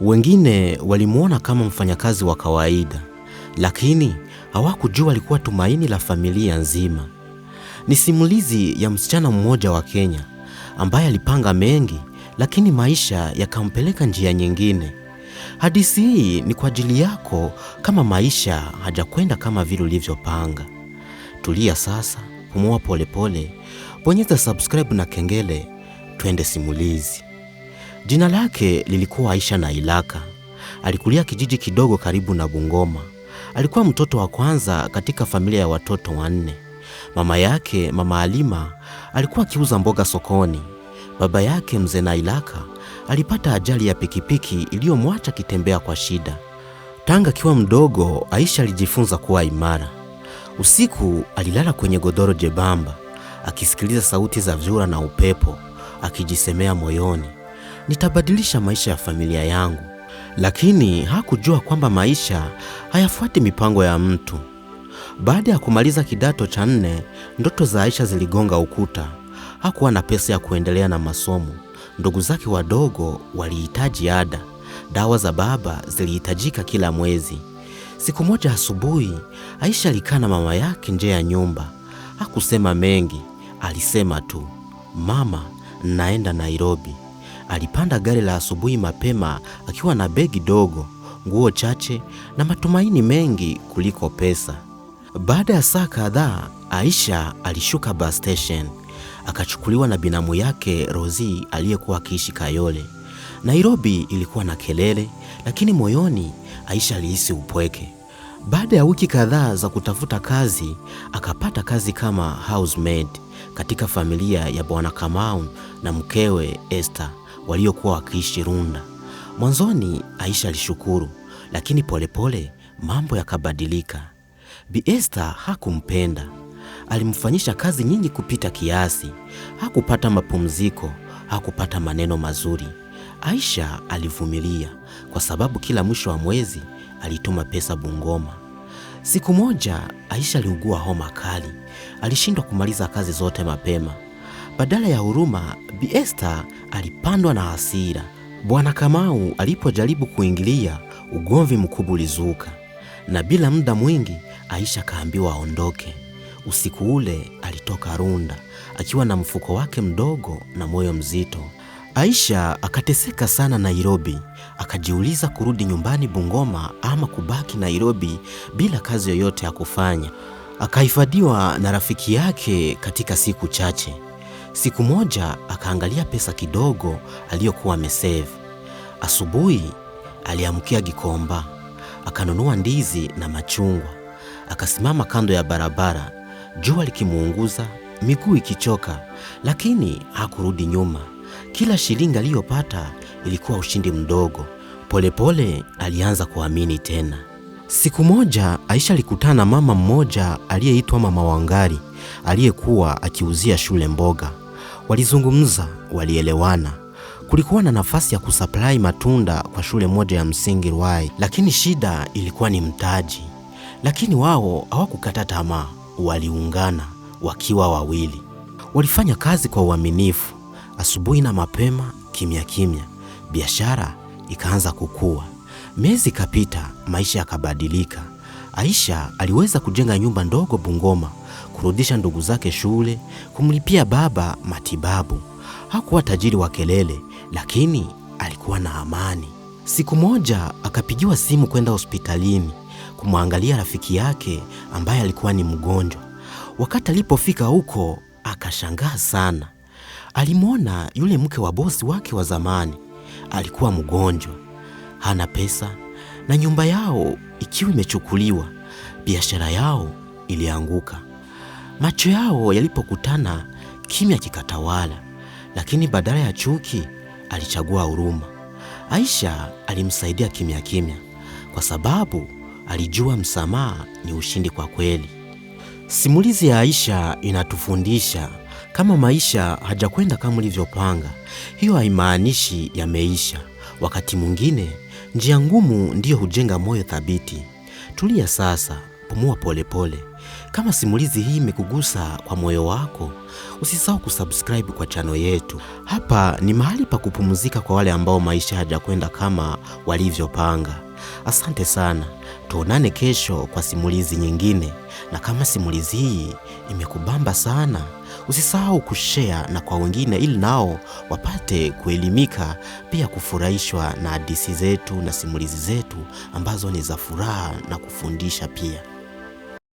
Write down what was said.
Wengine walimwona kama mfanyakazi wa kawaida, lakini hawakujua alikuwa tumaini la familia nzima. Ni simulizi ya msichana mmoja wa Kenya ambaye alipanga mengi, lakini maisha yakampeleka njia nyingine. Hadithi hii ni kwa ajili yako, kama maisha hajakwenda kama vile ulivyopanga. Tulia sasa, pumua polepole, bonyeza subscribe na kengele, twende simulizi. Jina lake lilikuwa Aisha na ilaka Alikulia kijiji kidogo karibu na Bungoma. Alikuwa mtoto wa kwanza katika familia ya watoto wanne. Mama yake Mama Alima alikuwa akiuza mboga sokoni. Baba yake Mzee Nailaka alipata ajali ya pikipiki iliyomwacha akitembea kwa shida. Tanga akiwa mdogo, Aisha alijifunza kuwa imara. Usiku alilala kwenye godoro jebamba, akisikiliza sauti za vyura na upepo, akijisemea moyoni nitabadilisha maisha ya familia yangu, lakini hakujua kwamba maisha hayafuati mipango ya mtu. Baada ya kumaliza kidato cha nne, ndoto za Aisha ziligonga ukuta. Hakuwa na pesa ya kuendelea na masomo. Ndugu zake wadogo walihitaji ada, dawa za baba zilihitajika kila mwezi. Siku moja asubuhi, Aisha alikaa na mama yake nje ya nyumba. Hakusema mengi, alisema tu, "Mama, naenda Nairobi." Alipanda gari la asubuhi mapema akiwa na begi dogo, nguo chache na matumaini mengi kuliko pesa. Baada ya saa kadhaa, Aisha alishuka bus station akachukuliwa na binamu yake Rozi aliyekuwa akiishi Kayole. Nairobi ilikuwa na kelele, lakini moyoni Aisha alihisi upweke. Baada ya wiki kadhaa za kutafuta kazi, akapata kazi kama housemaid katika familia ya Bwana Kamau na mkewe Esther waliokuwa wakiishi Runda. Mwanzoni Aisha alishukuru, lakini polepole pole, mambo yakabadilika. Bi Esther hakumpenda, alimfanyisha kazi nyingi kupita kiasi, hakupata mapumziko, hakupata maneno mazuri. Aisha alivumilia kwa sababu kila mwisho wa mwezi alituma pesa Bungoma. Siku moja Aisha aliugua homa kali, alishindwa kumaliza kazi zote mapema. Badala ya huruma, Bi alipandwa na hasira. Bwana Kamau alipojaribu kuingilia, ugomvi mkubwa ulizuka, na bila muda mwingi Aisha akaambiwa aondoke. Usiku ule alitoka Runda akiwa na mfuko wake mdogo na moyo mzito. Aisha akateseka sana Nairobi, akajiuliza kurudi nyumbani Bungoma ama kubaki Nairobi bila kazi yoyote ya kufanya. Akahifadhiwa na rafiki yake katika siku chache. Siku moja akaangalia pesa kidogo aliyokuwa amesave. Asubuhi aliamkia Gikomba, akanunua ndizi na machungwa. Akasimama kando ya barabara, jua likimuunguza, miguu ikichoka, lakini hakurudi nyuma. Kila shilingi aliyopata ilikuwa ushindi mdogo. Polepole pole, alianza kuamini tena. Siku moja Aisha alikutana na mama mmoja aliyeitwa Mama Wangari aliyekuwa akiuzia shule mboga. Walizungumza, walielewana. Kulikuwa na nafasi ya kusaplai matunda kwa shule moja ya msingi Ruai, lakini shida ilikuwa ni mtaji. Lakini wao hawakukata tamaa, waliungana wakiwa wawili. Walifanya kazi kwa uaminifu, asubuhi na mapema, kimya kimya. Biashara ikaanza kukua. Miezi ikapita, maisha yakabadilika. Aisha aliweza kujenga nyumba ndogo Bungoma, kurudisha ndugu zake shule, kumlipia baba matibabu. Hakuwa tajiri wa kelele, lakini alikuwa na amani. Siku moja akapigiwa simu kwenda hospitalini kumwangalia rafiki yake ambaye alikuwa ni mgonjwa. Wakati alipofika huko, akashangaa sana. Alimwona yule mke wa bosi wake wa zamani, alikuwa mgonjwa, hana pesa na nyumba yao ikiwa imechukuliwa, biashara yao ilianguka. Macho yao yalipokutana, kimya kikatawala, lakini badala ya chuki alichagua huruma. Aisha alimsaidia kimya kimya, kwa sababu alijua msamaha ni ushindi kwa kweli. Simulizi ya Aisha inatufundisha kama maisha hajakwenda kama ulivyopanga, hiyo haimaanishi yameisha. Wakati mwingine Njia ngumu ndiyo hujenga moyo thabiti. Tulia sasa, pumua polepole pole. Kama simulizi hii imekugusa kwa moyo wako, usisahau kusubscribe kwa chano yetu. Hapa ni mahali pa kupumzika kwa wale ambao maisha hajakwenda kama walivyopanga. Asante sana, tuonane kesho kwa simulizi nyingine. Na kama simulizi hii imekubamba sana Usisahau kushea na kwa wengine, ili nao wapate kuelimika pia kufurahishwa na hadithi zetu na simulizi zetu ambazo ni za furaha na kufundisha pia.